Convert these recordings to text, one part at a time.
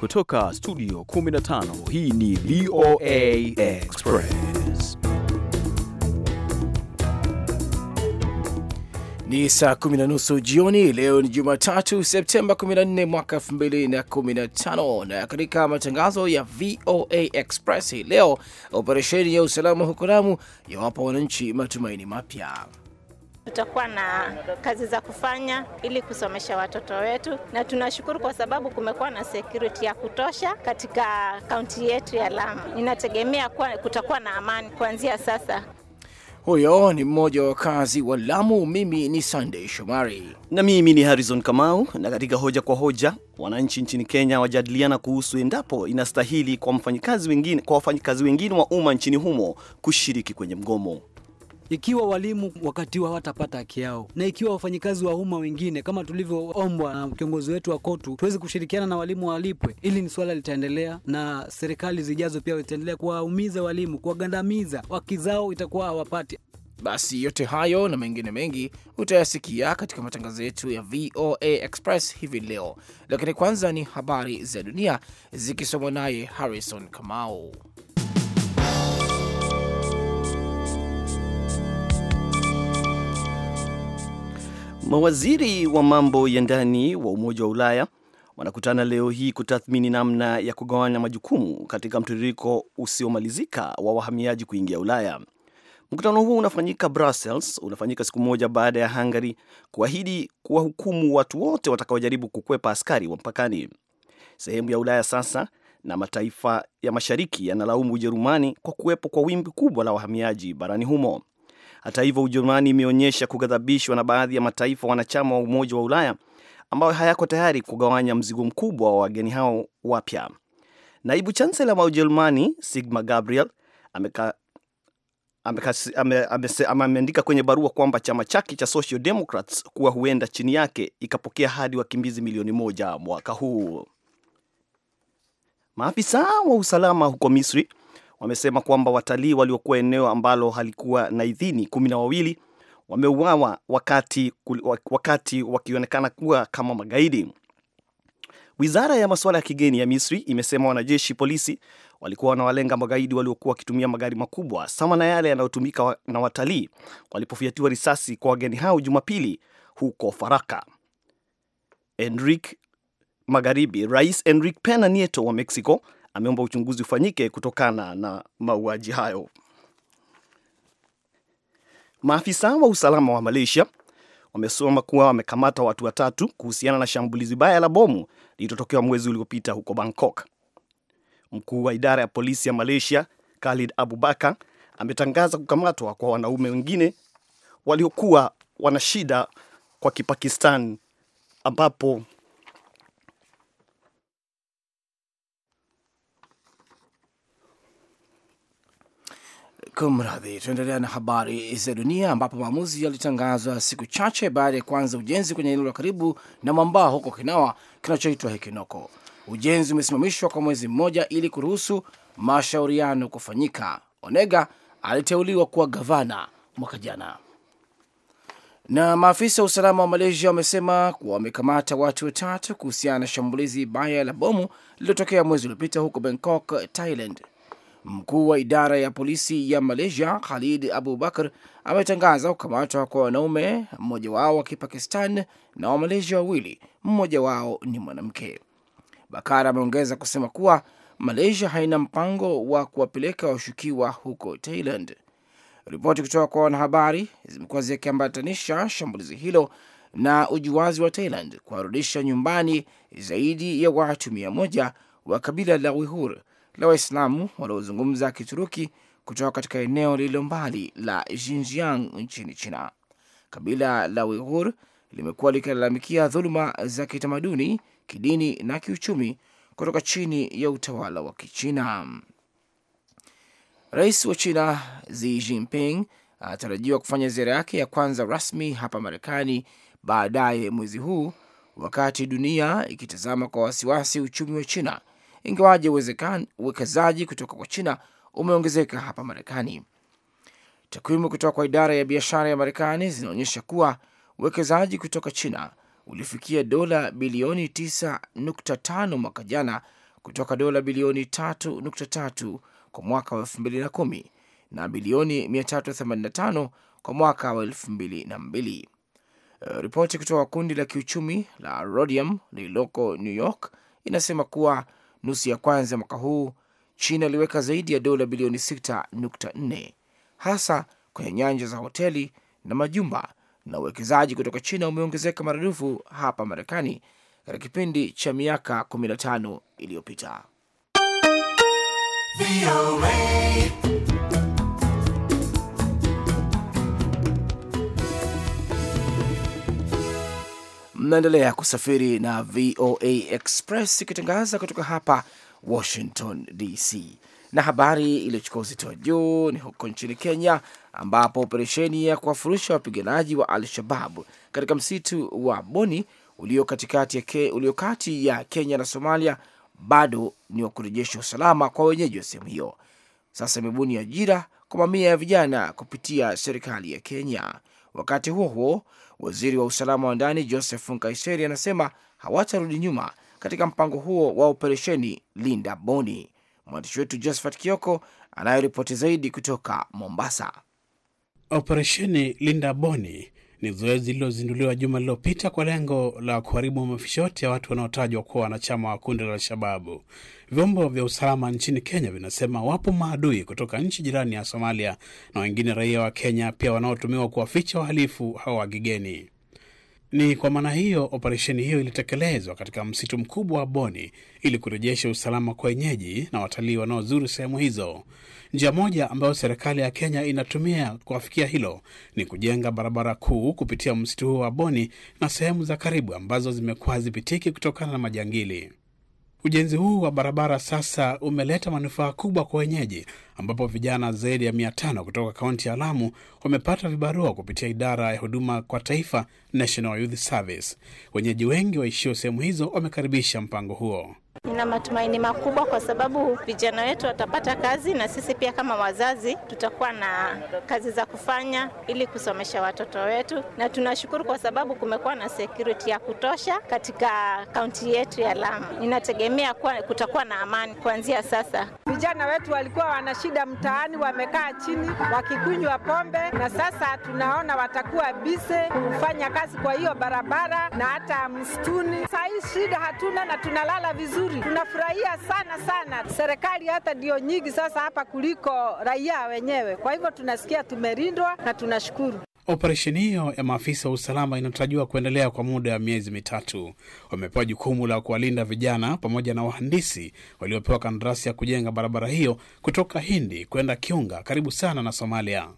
Kutoka studio 15 hii ni VOA Express. Ni saa kumi na nusu jioni. Leo ni Jumatatu, Septemba 14 mwaka 2015, na katika matangazo ya VOA Express hii leo, operesheni ya usalama huko Lamu yawapa wananchi matumaini mapya. Tutakuwa na kazi za kufanya ili kusomesha watoto wetu, na tunashukuru kwa sababu kumekuwa na security ya kutosha katika kaunti yetu ya Lamu. Ninategemea kuwa kutakuwa na amani kuanzia sasa. Huyo ni mmoja wa wakazi wa Lamu. Mimi ni Sunday Shomari na mimi ni Harrison Kamau. Na katika hoja kwa hoja, wananchi nchini Kenya wajadiliana kuhusu endapo inastahili kwa wafanyikazi wengine wa umma nchini humo kushiriki kwenye mgomo. Ikiwa walimu wakati wa watapata haki yao, na ikiwa wafanyikazi wa umma wengine kama tulivyoombwa na kiongozi wetu wa KOTU tuweze kushirikiana na walimu walipwe, ili ni swala litaendelea, na serikali zijazo pia zitaendelea kuwaumiza walimu, kuwagandamiza, haki zao itakuwa hawapati. Basi yote hayo na mengine mengi utayasikia katika matangazo yetu ya VOA Express hivi leo, lakini kwanza ni habari za dunia zikisomwa naye Harrison Kamau. Mawaziri wa mambo ya ndani wa Umoja wa Ulaya wanakutana leo hii kutathmini namna ya kugawanya majukumu katika mtiririko usiomalizika wa wahamiaji kuingia Ulaya. Mkutano huo unafanyika Brussels, unafanyika siku moja baada ya Hungary kuahidi kuwahukumu watu wote watakaojaribu kukwepa askari wa mpakani. Sehemu ya Ulaya sasa na mataifa ya mashariki yanalaumu Ujerumani kwa kuwepo kwa wimbi kubwa la wahamiaji barani humo. Hata hivyo, Ujerumani imeonyesha kughadhabishwa na baadhi ya mataifa wanachama wa Umoja wa Ulaya ambayo hayako tayari kugawanya mzigo mkubwa wa wageni hao wapya. Naibu chansela wa Ujerumani Sigmar Gabriel ameka ameandika kwenye barua kwamba chama chake cha Social Democrats kuwa huenda chini yake ikapokea hadi wakimbizi milioni moja mwaka huu. Maafisa wa usalama huko Misri wamesema kwamba watalii waliokuwa eneo ambalo halikuwa na idhini kumi na wawili wameuawa wakati, wakati wakionekana kuwa kama magaidi. Wizara ya masuala ya kigeni ya Misri imesema wanajeshi polisi walikuwa wanawalenga magaidi waliokuwa wakitumia magari makubwa sama na yale yanayotumika na watalii walipofyatiwa risasi kwa wageni hao Jumapili huko Faraka. Enrique Magharibi. Rais Enrique Pena Nieto wa Mexico ameomba uchunguzi ufanyike kutokana na mauaji hayo. Maafisa wa usalama wa Malaysia wamesoma kuwa wamekamata watu watatu kuhusiana na shambulizi baya la bomu lililotokewa mwezi uliopita huko Bangkok. Mkuu wa idara ya polisi ya Malaysia Khalid Abubakar ametangaza kukamatwa kwa wanaume wengine waliokuwa wana shida kwa Kipakistan ambapo Kumradhi, tunaendelea na habari za dunia, ambapo maamuzi yalitangazwa siku chache baada ya kuanza ujenzi kwenye eneo la karibu na mwambao huko Kinawa kinachoitwa Hekinoko. Ujenzi umesimamishwa kwa mwezi mmoja ili kuruhusu mashauriano kufanyika. Onega aliteuliwa kuwa gavana mwaka jana. Na maafisa wa usalama wa Malaysia wamesema kuwa wamekamata watu watatu kuhusiana na shambulizi baya la bomu lililotokea mwezi uliopita huko Bangkok, Thailand. Mkuu wa idara ya polisi ya Malaysia Khalid Abu Bakr ametangaza kukamatwa kwa wanaume, mmoja wao wa Kipakistan na wamalaysia wawili, mmoja wao ni mwanamke. Bakar ameongeza kusema kuwa Malaysia haina mpango wa kuwapeleka washukiwa huko Thailand. Ripoti kutoka kwa wanahabari zimekuwa zikiambatanisha shambulizi hilo na ujuazi wa Thailand kuwarudisha nyumbani zaidi ya watu mia moja wa kabila la Wihur la Waislamu wanaozungumza Kituruki kutoka katika eneo lililo mbali la Xinjiang nchini China. Kabila la Uighur limekuwa likilalamikia dhuluma za kitamaduni, kidini na kiuchumi kutoka chini ya utawala wa Kichina. Rais wa China Xi Jinping anatarajiwa kufanya ziara yake ya kwanza rasmi hapa Marekani baadaye mwezi huu, wakati dunia ikitazama kwa wasiwasi uchumi wa China ingawaje uwekezaji kutoka kwa China umeongezeka hapa Marekani. Takwimu kutoka kwa idara ya biashara ya Marekani zinaonyesha kuwa uwekezaji kutoka China ulifikia dola bilioni 9.5 mwaka jana kutoka dola bilioni 3.3 kwa mwaka wa 2010 na bilioni 385 kwa mwaka wa 2002. Eh, ripoti kutoka kundi la kiuchumi la Rhodium lililoko New York inasema kuwa Nusu ya kwanza ya mwaka huu China iliweka zaidi ya dola bilioni 6.4 hasa kwenye nyanja za hoteli na majumba, na uwekezaji kutoka China umeongezeka maradufu hapa Marekani katika kipindi cha miaka 15 iliyopita. Mnaendelea kusafiri na VOA Express ikitangaza kutoka hapa Washington DC, na habari iliyochukua uzito wa juu ni huko nchini Kenya, ambapo operesheni ya kuwafurusha wapiganaji wa Al-Shabab katika msitu wa Boni ulio katikati ya ke, ulio kati ya Kenya na Somalia bado ni wa kurejesha usalama kwa wenyeji wa sehemu hiyo. Sasa imebuni ajira kwa mamia ya vijana kupitia serikali ya Kenya. Wakati huo huo, Waziri wa usalama wa ndani Joseph Nkaiseri anasema hawatarudi nyuma katika mpango huo wa operesheni Linda Boni. Mwandishi wetu Josephat Kioko anayoripoti zaidi kutoka Mombasa. Operesheni Linda Boni ni zoezi lililozinduliwa juma lililopita kwa lengo la kuharibu maficho yote ya watu wanaotajwa kuwa wanachama wa kundi la Al-Shababu. Vyombo vya usalama nchini Kenya vinasema wapo maadui kutoka nchi jirani ya Somalia na wengine raia wa Kenya pia wanaotumiwa kuwaficha wahalifu hao wa kigeni. Ni kwa maana hiyo operesheni hiyo ilitekelezwa katika msitu mkubwa wa Boni ili kurejesha usalama kwa wenyeji na watalii wanaozuru sehemu hizo. Njia moja ambayo serikali ya Kenya inatumia kuafikia hilo ni kujenga barabara kuu kupitia msitu huo wa Boni na sehemu za karibu ambazo zimekuwa hazipitiki kutokana na majangili. Ujenzi huu wa barabara sasa umeleta manufaa kubwa kwa wenyeji, ambapo vijana zaidi ya mia tano kutoka kaunti ya Lamu wamepata vibarua kupitia idara ya huduma kwa taifa, National Youth Service. Wenyeji wengi waishio sehemu hizo wamekaribisha mpango huo. Nina matumaini makubwa kwa sababu vijana wetu watapata kazi na sisi pia kama wazazi tutakuwa na kazi za kufanya ili kusomesha watoto wetu, na tunashukuru kwa sababu kumekuwa na security ya kutosha katika kaunti yetu ya Lamu. Ninategemea kuwa kutakuwa na amani kuanzia sasa. Vijana wetu walikuwa wana shida mtaani, wamekaa chini wakikunywa pombe, na sasa tunaona watakuwa bise kufanya kazi kwa hiyo barabara na hata msituni. Saa shida hatuna na tunalala vizuri vizuri. Tunafurahia sana sana, serikali hata ndio nyingi sasa hapa kuliko raia wenyewe, kwa hivyo tunasikia tumelindwa na tunashukuru. Operesheni hiyo ya maafisa wa usalama inatarajiwa kuendelea kwa muda wa miezi mitatu. Wamepewa jukumu la kuwalinda vijana pamoja na wahandisi waliopewa kandarasi ya kujenga barabara hiyo kutoka Hindi kwenda Kiunga, karibu sana na Somalia.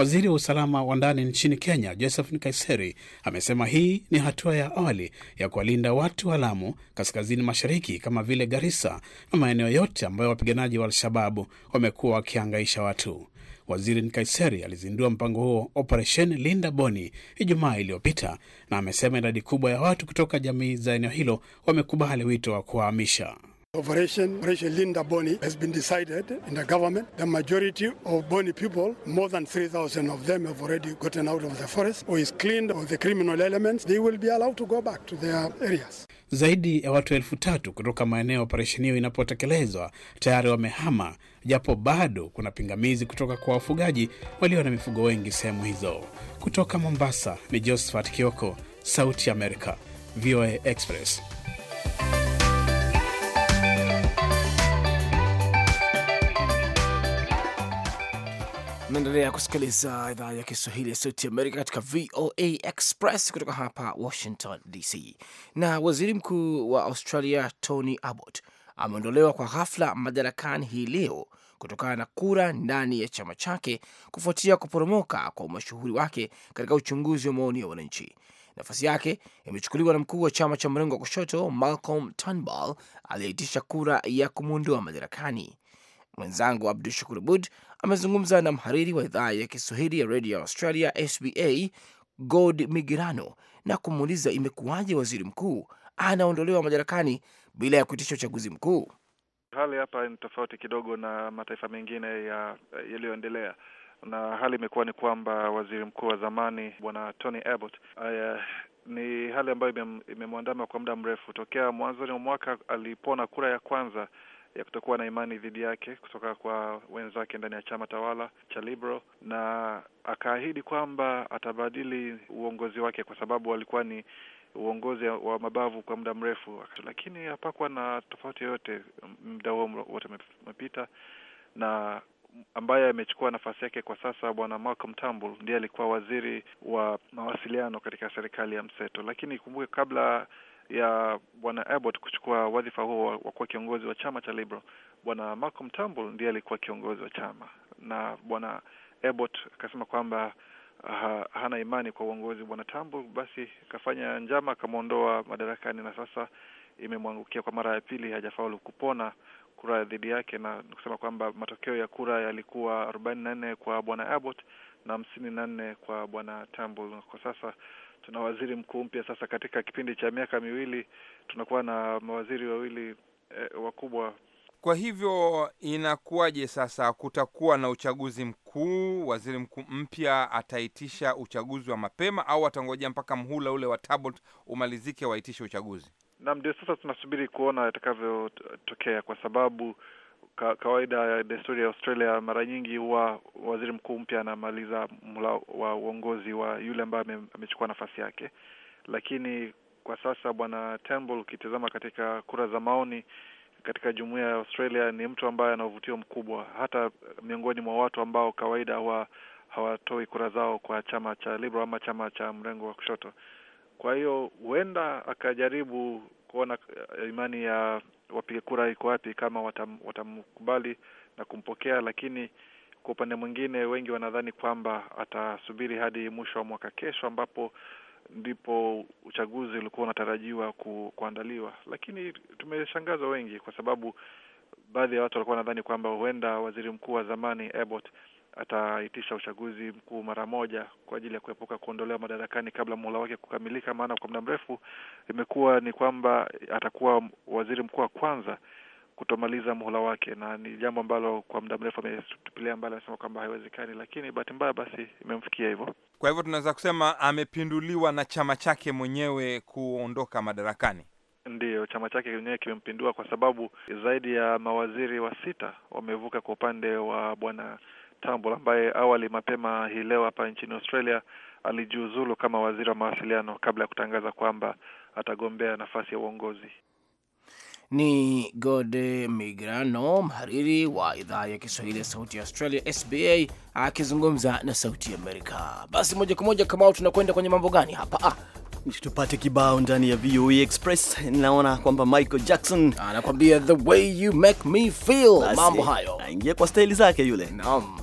Waziri wa usalama wa ndani nchini Kenya, Joseph Nkaiseri, amesema hii ni hatua ya awali ya kuwalinda watu wa Lamu kaskazini mashariki kama vile Garissa na maeneo yote ambayo wapiganaji wa Al-Shababu wamekuwa wakihangaisha watu. Waziri Nkaiseri alizindua mpango huo Operesheni Linda Boni Ijumaa iliyopita na amesema idadi kubwa ya watu kutoka jamii za eneo hilo wamekubali wito wa kuwahamisha. Operation, Operation Linda Boni has been decided in the government. The majority of Boni people, more than 3,000 of them have already gotten out of the forest or is cleaned of the criminal elements. They will be allowed to go back to their areas. Zaidi ya watu elfu tatu kutoka maeneo ya operesheni hiyo inapotekelezwa tayari wamehama, japo bado kuna pingamizi kutoka kwa wafugaji walio na mifugo wengi sehemu hizo. Kutoka Mombasa ni Josephat Kioko, Sauti ya Amerika, VOA Express. Naendelea kusikiliza idhaa ya Kiswahili ya Sauti Amerika katika VOA Express kutoka hapa Washington DC. Na waziri mkuu wa Australia Tony Abbott ameondolewa kwa ghafla madarakani hii leo kutokana na kura ndani ya chama chake kufuatia kuporomoka kwa umashuhuri wake katika uchunguzi wa maoni ya wananchi. Nafasi yake imechukuliwa na mkuu wa chama cha mrengo wa kushoto Malcolm Turnbull aliyeitisha kura ya kumwondoa madarakani. Mwenzangu Abdu Shakur Abud amezungumza na mhariri wa idhaa ya Kiswahili ya redio Australia SBA God Migirano na kumuuliza imekuwaje waziri mkuu anaondolewa madarakani bila ya kuitisha uchaguzi mkuu. Hali hapa ni tofauti kidogo na mataifa mengine ya yaliyoendelea na hali imekuwa ni kwamba waziri mkuu wa zamani bwana Tony Abbott ni hali ambayo imemwandama kwa muda mrefu tokea mwanzoni mwa mwaka alipona kura ya kwanza ya kutokuwa na imani dhidi yake kutoka kwa wenzake ndani ya chama tawala cha Liberal, na akaahidi kwamba atabadili uongozi wake kwa sababu alikuwa ni uongozi wa mabavu kwa muda mrefu, lakini hapakuwa na tofauti yoyote. Muda huo wote umepita na ambaye amechukua nafasi yake kwa sasa Bwana Malcolm Turnbull ndiye alikuwa waziri wa mawasiliano katika serikali ya mseto, lakini ikumbuke kabla ya bwana Abbott kuchukua wadhifa huo wa kuwa kiongozi wa chama cha Liberal, bwana Malcolm Turnbull ndiye alikuwa kiongozi wa chama, na bwana Abbott akasema kwamba ha, ah, hana imani kwa uongozi bwana Turnbull, basi akafanya njama akamwondoa madarakani, na sasa imemwangukia kwa mara ya pili, hajafaulu kupona kura dhidi yake, na kusema kwamba matokeo ya kura yalikuwa arobaini na nne kwa bwana Abbott na hamsini na nne kwa bwana Turnbull. Kwa sasa tuna waziri mkuu mpya sasa. Katika kipindi cha miaka miwili tunakuwa na mawaziri wawili eh, wakubwa. Kwa hivyo inakuwaje sasa? Kutakuwa na uchaguzi mkuu, waziri mkuu mpya ataitisha uchaguzi wa mapema au atangojea mpaka mhula ule wa umalizike waitishe uchaguzi? Naam, ndio sasa tunasubiri kuona atakavyotokea, kwa sababu ka, kawaida desturi ya Australia, mara nyingi huwa waziri mkuu mpya anamaliza mla wa uongozi wa yule ambaye amechukua nafasi yake, lakini kwa sasa bwana Turnbull, ukitizama katika kura za maoni katika jumuiya ya Australia, ni mtu ambaye ana uvutio mkubwa, hata miongoni mwa watu ambao kawaida huwa hawatoi kura zao kwa chama cha Liberal ama chama cha mrengo wa kushoto. Kwa hiyo huenda akajaribu kuona eh, imani ya wapiga kura iko wapi, kama watam, watamkubali na kumpokea. Lakini kwa upande mwingine, wengi wanadhani kwamba atasubiri hadi mwisho wa mwaka kesho, ambapo ndipo uchaguzi ulikuwa unatarajiwa ku, kuandaliwa. Lakini tumeshangazwa wengi, kwa sababu baadhi ya watu walikuwa wanadhani kwamba huenda waziri mkuu wa zamani Abbott ataitisha uchaguzi mkuu mara moja kwa ajili ya kuepuka kuondolewa madarakani kabla muhula wake kukamilika. Maana kwa muda mrefu imekuwa ni kwamba atakuwa waziri mkuu wa kwanza kutomaliza muhula wake, na ni jambo ambalo kwa muda mrefu ametupilia mbali, amesema kwamba haiwezekani, lakini bahati mbaya basi imemfikia hivyo. Kwa hivyo tunaweza kusema amepinduliwa na chama chake mwenyewe kuondoka madarakani. Ndiyo, chama chake mwenyewe kimempindua, kwa sababu zaidi ya mawaziri wa sita wamevuka kwa upande wa bwana Turnbull ambaye awali mapema hii leo hapa nchini Australia alijiuzulu kama waziri wa mawasiliano kabla ya kutangaza kwamba atagombea nafasi ya uongozi. Ni Gode Migrano, mhariri wa idhaa ya Kiswahili ya Sauti ya Australia, SBA, akizungumza na Sauti ya Amerika. Basi moja kwa moja, kama tunakwenda kwenye mambo gani hapa? Ah, tupate kibao ndani ya VOA e Express. Naona kwamba Michael Jackson anakwambia the way you make me feel. mambo hayo aingia kwa staili zake yule. Naam.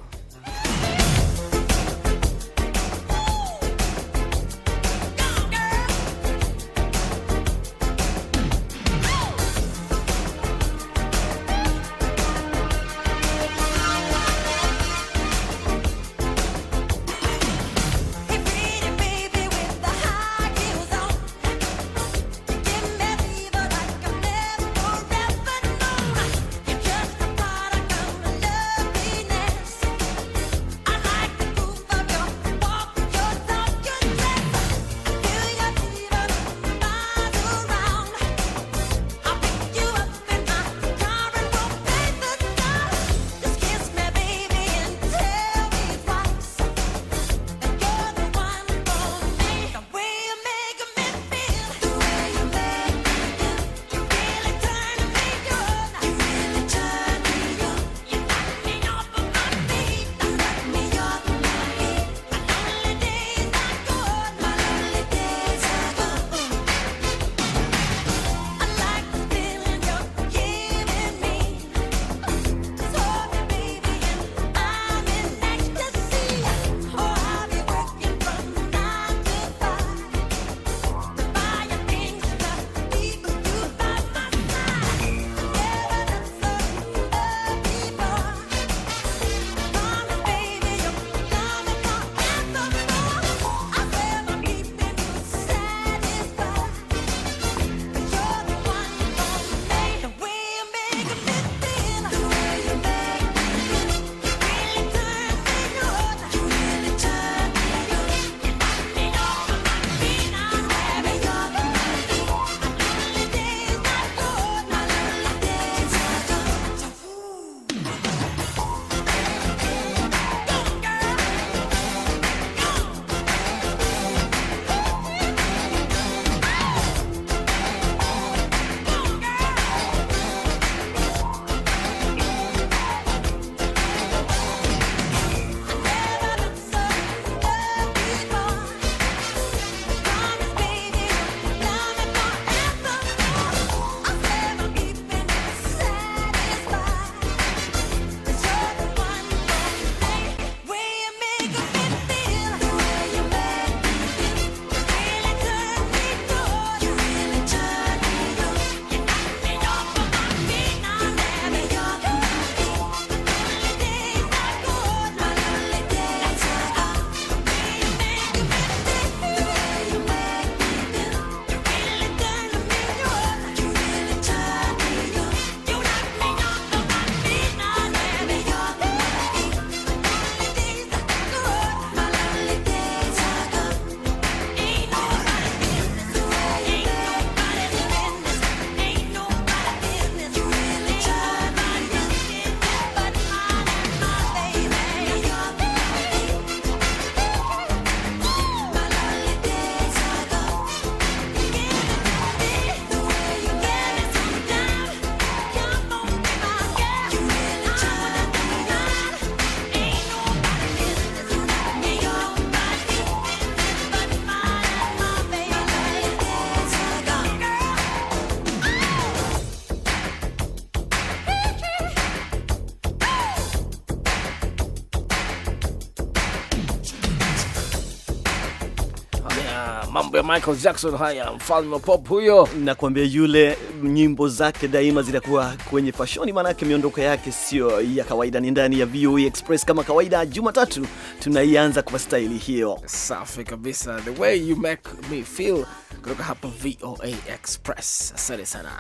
mambo ya Michael Jackson haya, mfalme wa pop huyo. Nakwambia yule, nyimbo zake daima zitakuwa kwenye fashoni, maanake miondoko yake sio ya kawaida. Ni ndani ya VOA e Express kama kawaida, Jumatatu tunaianza kwa staili hiyo safi kabisa, the way you make me feel, kutoka hapa VOA Express. Asante sana.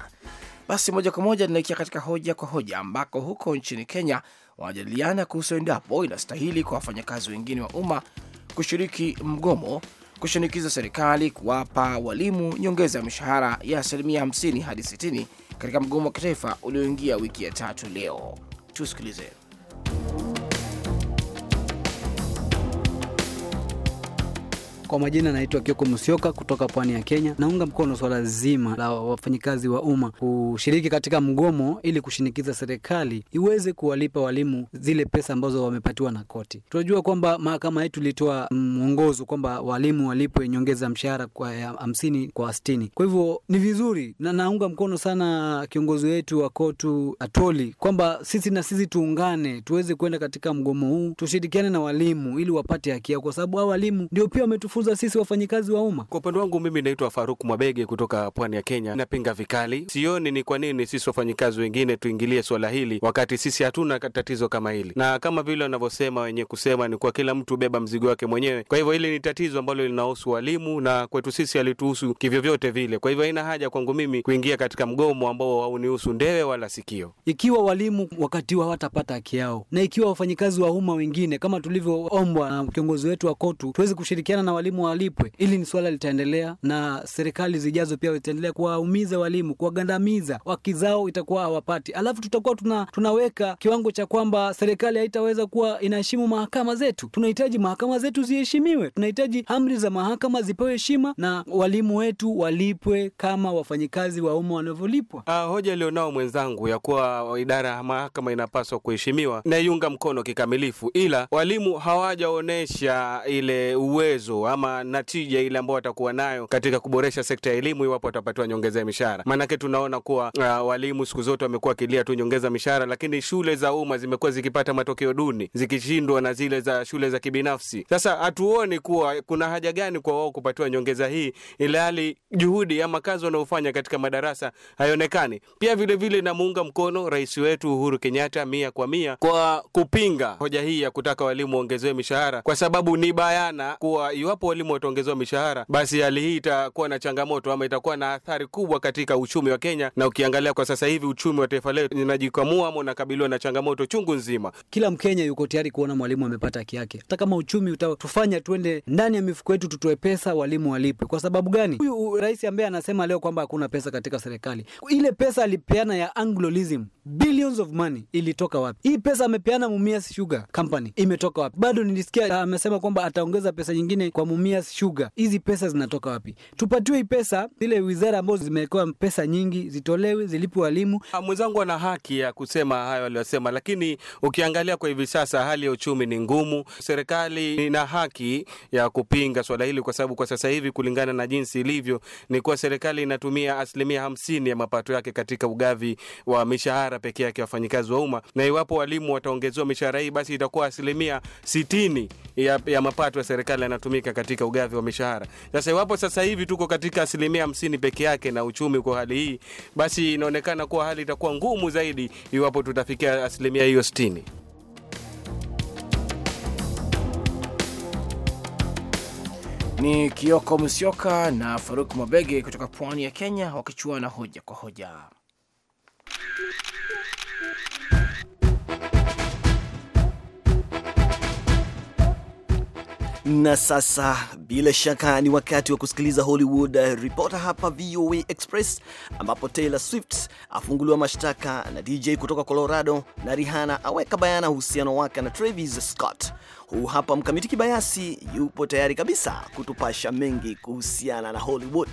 Basi moja kwa moja tunaikia katika hoja kwa hoja, ambako huko nchini Kenya wanajadiliana kuhusu endapo inastahili kwa wafanyakazi wengine wa umma kushiriki mgomo kushinikiza serikali kuwapa walimu nyongeza ya mishahara ya asilimia 50 hadi 60 katika mgomo wa kitaifa ulioingia wiki ya tatu leo. Tusikilize. Kwa majina naitwa Kioko Musioka kutoka pwani ya Kenya. Naunga mkono swala zima la wafanyikazi wa umma kushiriki katika mgomo ili kushinikiza serikali iweze kuwalipa walimu zile pesa ambazo wamepatiwa na koti. Tunajua kwamba mahakama yetu ilitoa mwongozo kwamba walimu walipwe nyongeza mshahara kwa hamsini kwa sitini. Kwa hivyo ni vizuri na naunga mkono sana kiongozi wetu wa kotu Atoli kwamba sisi na sisi tuungane tuweze kwenda katika mgomo huu, tushirikiane na walimu ili wapate haki yao, kwa sababu hao walimu ndio pia wametufu kutufunza sisi wafanyikazi wa umma. Kwa upande wangu mimi naitwa Faruk Mwabege kutoka pwani ya Kenya, napinga vikali. Sioni ni kwa nini sisi wafanyikazi wengine tuingilie swala hili, wakati sisi hatuna tatizo kama hili, na kama vile wanavyosema wenye kusema ni kwa kila mtu beba mzigo wake mwenyewe. Kwa hivyo hili ni tatizo ambalo linahusu walimu na kwetu sisi alituhusu kivyovyote vile. Kwa hivyo haina haja kwangu mimi kuingia katika mgomo ambao haunihusu ndewe wala sikio. Ikiwa walimu wakati wao hawatapata haki yao, na ikiwa wafanyikazi wa umma wengine kama tulivyoombwa na kiongozi wetu wa KOTU tuweze kushirikiana na walimu walimu walipwe. ili ni swala litaendelea, na serikali zijazo pia zitaendelea kuwaumiza walimu, kuwagandamiza, wakizao itakuwa hawapati, alafu tutakuwa tuna, tunaweka kiwango cha kwamba serikali haitaweza kuwa inaheshimu mahakama zetu. Tunahitaji mahakama zetu ziheshimiwe, tunahitaji amri za mahakama zipewe heshima na walimu wetu walipwe kama wafanyikazi wa umma wanavyolipwa. Uh, hoja alionao mwenzangu ya kuwa idara ya mahakama inapaswa kuheshimiwa naiunga mkono kikamilifu, ila walimu hawajaonesha ile uwezo ama na tija ile ambayo watakuwa nayo katika kuboresha sekta ya elimu iwapo watapatiwa nyongeza ya mishahara. Maanake tunaona kuwa uh, walimu siku zote wamekuwa wakilia tu nyongeza mishahara, lakini shule za umma zimekuwa zikipata matokeo duni zikishindwa na zile za shule za kibinafsi. Sasa hatuoni kuwa kuna haja gani kwa wao kupatiwa nyongeza hii, ilhali juhudi ama kazi wanaofanya katika madarasa haionekani. Pia vilevile namuunga mkono rais wetu Uhuru Kenyatta mia kwa mia kwa kupinga hoja hii ya kutaka walimu waongezewe mishahara, kwa sababu ni bayana kuwa iwapo iwapo walimu wataongezewa mishahara, basi hali hii itakuwa na changamoto ama itakuwa na athari kubwa katika uchumi wa Kenya, na ukiangalia kwa sasa hivi uchumi wa taifa letu linajikwamua ama unakabiliwa na changamoto chungu nzima. Kila Mkenya yuko tayari kuona mwalimu amepata haki yake, hata kama uchumi utatufanya tuende ndani ya mifuko yetu tutoe pesa walimu walipwe. Kwa sababu gani? Huyu rais ambaye anasema leo kwamba hakuna pesa katika serikali, ile pesa alipeana ya Anglolism billions of money ilitoka wapi? Hii pesa amepeana Mumias Sugar Company imetoka wapi? Bado nilisikia ah, amesema kwamba ataongeza pesa nyingine kwa wanaumia shuga. Hizi pesa zinatoka wapi? Tupatiwe pesa, zile wizara ambazo zimewekewa pesa nyingi zitolewe, zilipwe walimu. Ah, mwenzangu ana haki ya kusema hayo aliyosema, lakini ukiangalia kwa hivi sasa hali ya uchumi ni ngumu. Serikali ina haki ya kupinga swala hili, kwa sababu kwa sasa hivi kulingana na jinsi ilivyo ni kuwa serikali inatumia asilimia hamsini ya mapato yake katika ugavi wa mishahara peke yake wafanyikazi wa umma, na iwapo walimu wataongezewa mishahara hii, basi itakuwa asilimia sitini ya, ya mapato ya serikali yanatumika katika ugavi wa mishahara. Sasa iwapo sasa hivi tuko katika asilimia hamsini peke yake na uchumi uko hali hii, basi inaonekana kuwa hali itakuwa ngumu zaidi iwapo tutafikia asilimia hiyo sitini. Ni Kioko msioka na Faruk Mabege kutoka pwani ya Kenya wakichuana hoja kwa hoja. Na sasa bila shaka ni wakati wa kusikiliza Hollywood Reporter hapa VOA Express, ambapo Taylor Swift afunguliwa mashtaka na DJ kutoka Colorado na Rihanna aweka bayana uhusiano wake na Travis Scott. Huu hapa Mkamiti Kibayasi yupo tayari kabisa kutupasha mengi kuhusiana na Hollywood.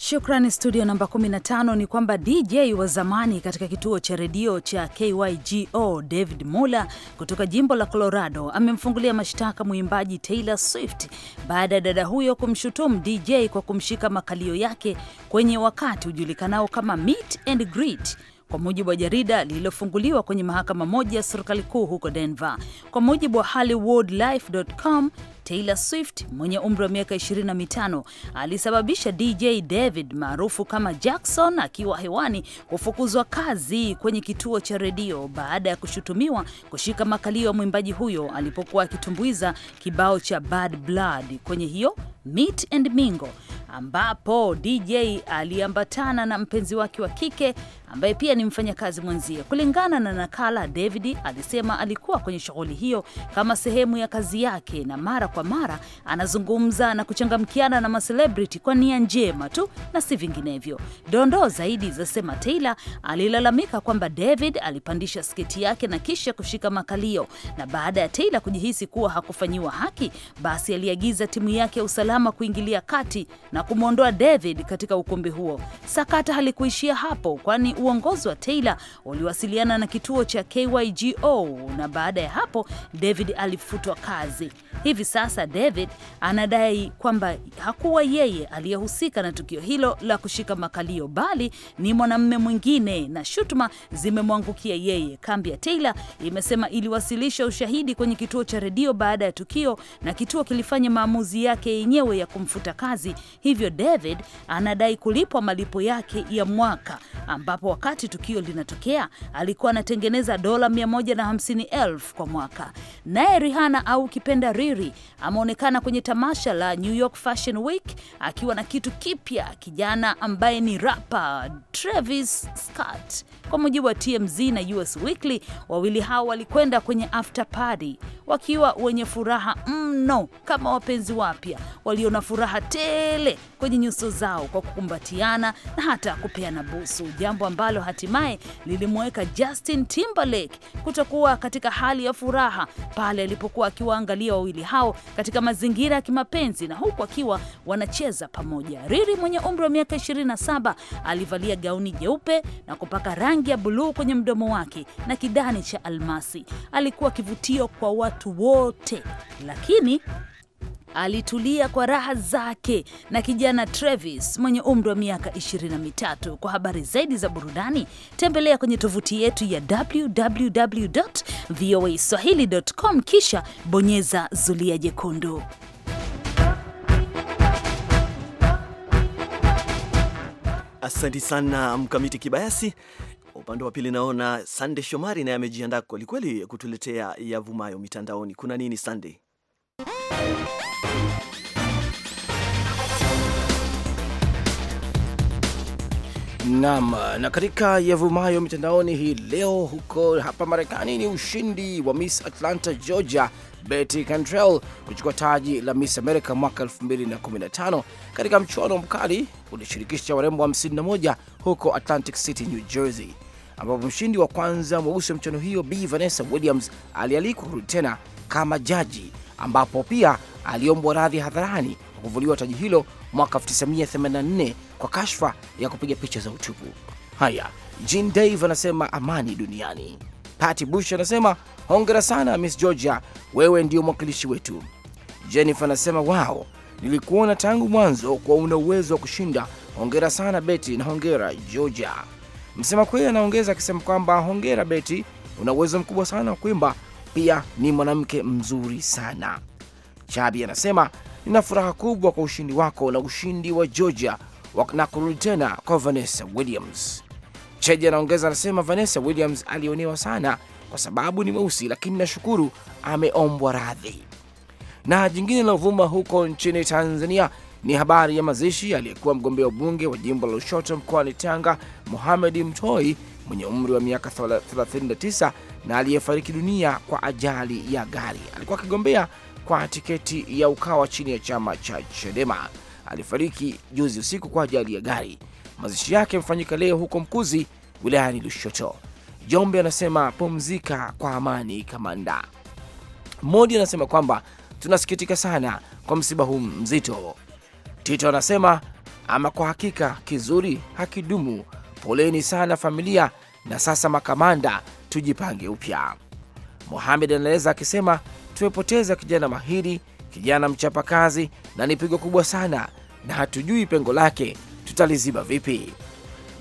Shukrani studio namba 15. Ni kwamba DJ wa zamani katika kituo cha redio cha KYGO David Muller kutoka jimbo la Colorado amemfungulia mashtaka mwimbaji Taylor Swift baada ya dada huyo kumshutumu DJ kwa kumshika makalio yake kwenye wakati ujulikanao kama meet and greet kwa mujibu wa jarida lililofunguliwa kwenye mahakama moja ya serikali kuu huko Denver. Kwa mujibu wa HollywoodLife.com, Taylor Swift mwenye umri wa miaka 25 alisababisha DJ David maarufu kama Jackson akiwa hewani kufukuzwa kazi kwenye kituo cha redio baada ya kushutumiwa kushika makalio ya mwimbaji huyo alipokuwa akitumbuiza kibao cha Bad Blood kwenye hiyo Meet and Mingle ambapo DJ aliambatana na mpenzi wake wa kike ambaye pia ni mfanyakazi mwenzie. Kulingana na nakala, David alisema alikuwa kwenye shughuli hiyo kama sehemu ya kazi yake na mara kwa mara anazungumza na kuchangamkiana na maselebriti kwa nia njema tu na si vinginevyo. Dondoo zaidi zasema Taylor alilalamika kwamba David alipandisha sketi yake na kisha kushika makalio, na baada ya Taylor kujihisi kuwa hakufanyiwa haki, basi aliagiza timu yake ya usalama kuingilia kati na kumwondoa David katika ukumbi huo. Sakata halikuishia hapo, kwani uongozi wa Taylor uliwasiliana na kituo cha KYGO na baada ya hapo David alifutwa kazi hivi sasa David anadai kwamba hakuwa yeye aliyehusika na tukio hilo la kushika makalio, bali ni mwanamume mwingine, na shutuma zimemwangukia yeye. Kambi ya Taylor imesema iliwasilisha ushahidi kwenye kituo cha redio baada ya tukio, na kituo kilifanya maamuzi yake yenyewe ya kumfuta kazi. Hivyo David anadai kulipwa malipo yake ya mwaka, ambapo wakati tukio linatokea alikuwa anatengeneza dola 150,000 kwa mwaka. Naye Rihanna au kipenda Riri ameonekana kwenye tamasha la New York Fashion Week akiwa na kitu kipya, kijana ambaye ni rapa Travis Scott. Kwa mujibu wa TMZ na US Weekly, wawili hao walikwenda kwenye after party wakiwa wenye furaha mno, kama wapenzi wapya waliona furaha tele kwenye nyuso zao kwa kukumbatiana na hata kupeana busu, jambo ambalo hatimaye lilimweka Justin Timberlake kutokuwa katika hali ya furaha pale alipokuwa akiwaangalia wawili hao katika mazingira ya kimapenzi na huku akiwa wanacheza pamoja. Riri mwenye umri wa miaka 27 alivalia gauni jeupe na kupaka rangi ya buluu kwenye mdomo wake na kidani cha almasi. Alikuwa kivutio kwa watu wote, lakini alitulia kwa raha zake na kijana Travis mwenye umri wa miaka 23. Kwa habari zaidi za burudani tembelea kwenye tovuti yetu ya www.voaswahili.com, kisha bonyeza zulia jekundu. Asante sana Mkamiti Kibayasi. Upande wa pili naona Sande Shomari naye amejiandaa kwelikweli kutuletea yavumayo mitandaoni. Kuna nini Sande? Naam, na katika yavumayo mitandaoni hii leo huko hapa Marekani ni ushindi wa Miss Atlanta Georgia Betty Cantrell kuchukua taji la Miss America mwaka 2015 katika mchuano mkali ulishirikisha warembo 51 huko Atlantic City, New Jersey, ambapo mshindi wa kwanza mweusi wa michuano hiyo B Vanessa Williams alialikwa kurudi tena kama jaji ambapo pia aliombwa radhi hadharani kwa kuvuliwa taji hilo mwaka 1984 kwa kashfa ya kupiga picha za utupu. Haya, Jin Dave anasema amani duniani. Patty Bush anasema hongera sana Miss Georgia, wewe ndio mwakilishi wetu. Jennifer anasema wao, nilikuona tangu mwanzo kuwa una uwezo wa kushinda. Hongera sana Beti na hongera Georgia. Msema kweli anaongeza akisema kwamba hongera Beti, una uwezo mkubwa sana wa kuimba pia ni mwanamke mzuri sana. Chabi anasema nina furaha kubwa kwa ushindi wako na ushindi wa Georgia na kurudi tena kwa Vanessa Williams. Cheji anaongeza anasema, Vanessa Williams alionewa sana kwa sababu ni mweusi, lakini nashukuru ameombwa radhi. Na jingine linaovuma huko nchini Tanzania ni habari ya mazishi aliyekuwa mgombea ubunge wa jimbo la Ushoto mkoani Tanga, Mohamed Mtoi mwenye umri wa miaka 39 na aliyefariki dunia kwa ajali ya gari. Alikuwa akigombea kwa tiketi ya Ukawa chini ya chama cha Chadema. Alifariki juzi usiku kwa ajali ya gari. Mazishi yake yamefanyika leo huko Mkuzi wilayani Lushoto. Jombe anasema pumzika kwa amani kamanda. Modi anasema kwamba tunasikitika sana kwa msiba huu mzito. Tito anasema ama kwa hakika kizuri hakidumu, poleni sana familia na sasa makamanda, tujipange upya. Mohamed anaeleza akisema, tumepoteza kijana mahiri, kijana mchapakazi, na ni pigo kubwa sana, na hatujui pengo lake tutaliziba vipi.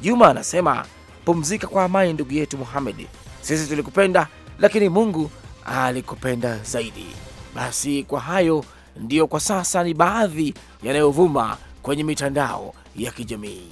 Juma anasema, pumzika kwa amani ndugu yetu Mohamed, sisi tulikupenda, lakini Mungu alikupenda zaidi. Basi kwa hayo ndiyo kwa sasa ni baadhi yanayovuma kwenye mitandao ya kijamii.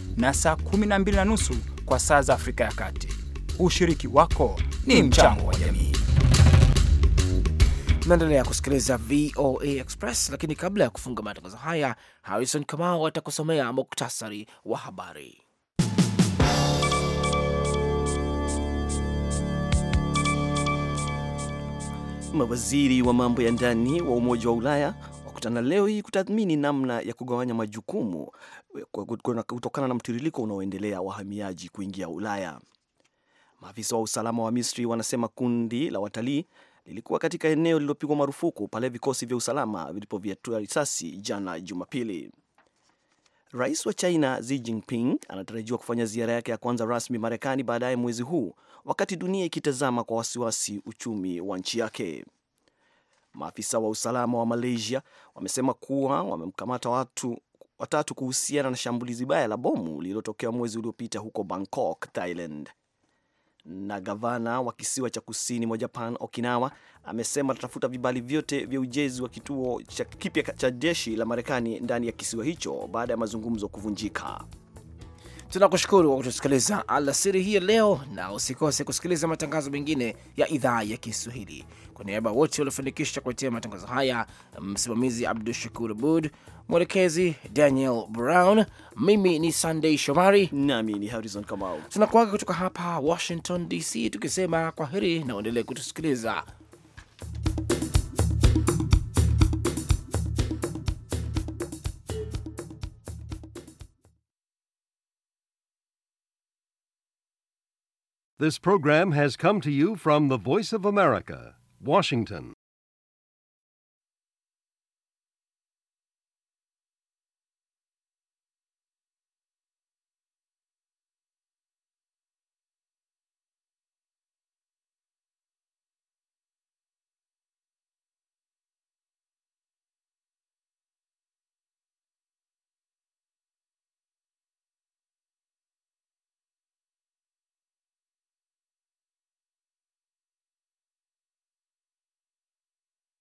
na saa 12 na nusu kwa saa za Afrika ya Kati. Ushiriki wako ni mchango wa jamii. Naendelea kusikiliza VOA Express, lakini kabla ya kufunga matangazo haya, Harrison Kamau atakusomea muktasari wa habari. Mawaziri wa mambo ya ndani wa Umoja wa Ulaya wakutana leo hii kutathmini namna ya kugawanya majukumu kutokana na mtiririko unaoendelea wahamiaji kuingia Ulaya. Maafisa wa usalama wa Misri wanasema kundi la watalii lilikuwa katika eneo lililopigwa marufuku pale vikosi vya usalama vilipovyatua risasi jana Jumapili. Rais wa China Xi Jinping anatarajiwa kufanya ziara yake ya kwanza rasmi Marekani baadaye mwezi huu, wakati dunia ikitazama kwa wasiwasi uchumi wa nchi yake. Maafisa wa usalama wa Malaysia wamesema kuwa wamemkamata watu watatu kuhusiana na shambulizi baya la bomu lililotokea mwezi uliopita huko Bangkok, Thailand. Na gavana wa kisiwa cha kusini mwa Japan, Okinawa, amesema atatafuta vibali vyote vya ujenzi wa kituo cha kipya cha jeshi la Marekani ndani ya kisiwa hicho baada ya mazungumzo kuvunjika. Tunakushukuru kwa kutusikiliza alasiri hii leo, na usikose kusikiliza matangazo mengine ya idhaa ya Kiswahili. Kwa niaba wote waliofanikisha kuletea matangazo haya, msimamizi Abdu Shakur Abud, mwelekezi Daniel Brown, mimi ni Shomari nami ni Harrison Kamau, tunakuaga kutoka hapa Washington DC tukisema kwa heri na uendelee kutusikiliza. This program has come to you from the Voice of America. Washington.